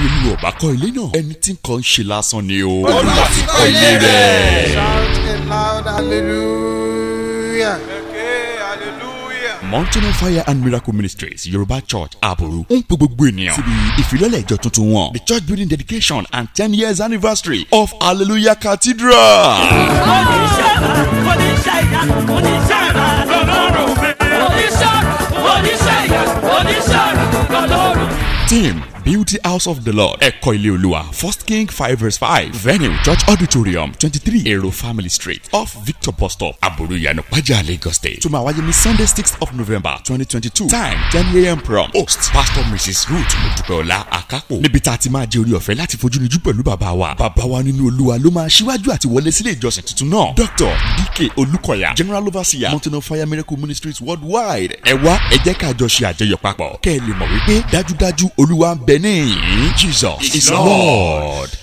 bí olúwa ọba kọ́ ilé náà ẹni tí nǹkan ṣe lásán ni o. olúwa ti kọ́ ilé rẹ̀. shout a loud hallelujah. Mountain of Fire and Miracle Ministries Yoruba Church Aboru ń pe gbogbo ènìyàn síbi ìfilọ́lẹ̀ ìjọ tuntun wọn the church building dedication and ten years anniversary of Hallelujah Cathedral. oníṣẹ́ra Team Beauty House of the Lord Ẹ̀kọ́ Ilé Olúwa First King five verse five Venue Church Auditorium twenty-three Ero Family Street off Victor Bus Stop Aboru Yanupaja Lagos State. Tuma wáyé ní Sunday sixth of November twenty twenty-two Time ten a.m. Prom. Host Pastor Mrs Ruth Modupeola Akapo. Níbi tá a ti máa jẹ orí ọ̀fẹ́ láti fojú níjú pẹ̀lú bàbá wa. Bàbá wa nínú Olúwa ló máa ṣíwájú àti wọlé sílé ìjọsìn tuntun náà. Dr DK Olukoya General Overseer Mountain of Fire Miracle Ministries Worldwide. Ẹ wá ẹ jẹ́ ká jọ ṣe àjọyọ̀ papọ̀. Kẹ́ ẹ lè mọ̀ wípé dájúdájú olúwa ń bẹ níyìn jesus is lord.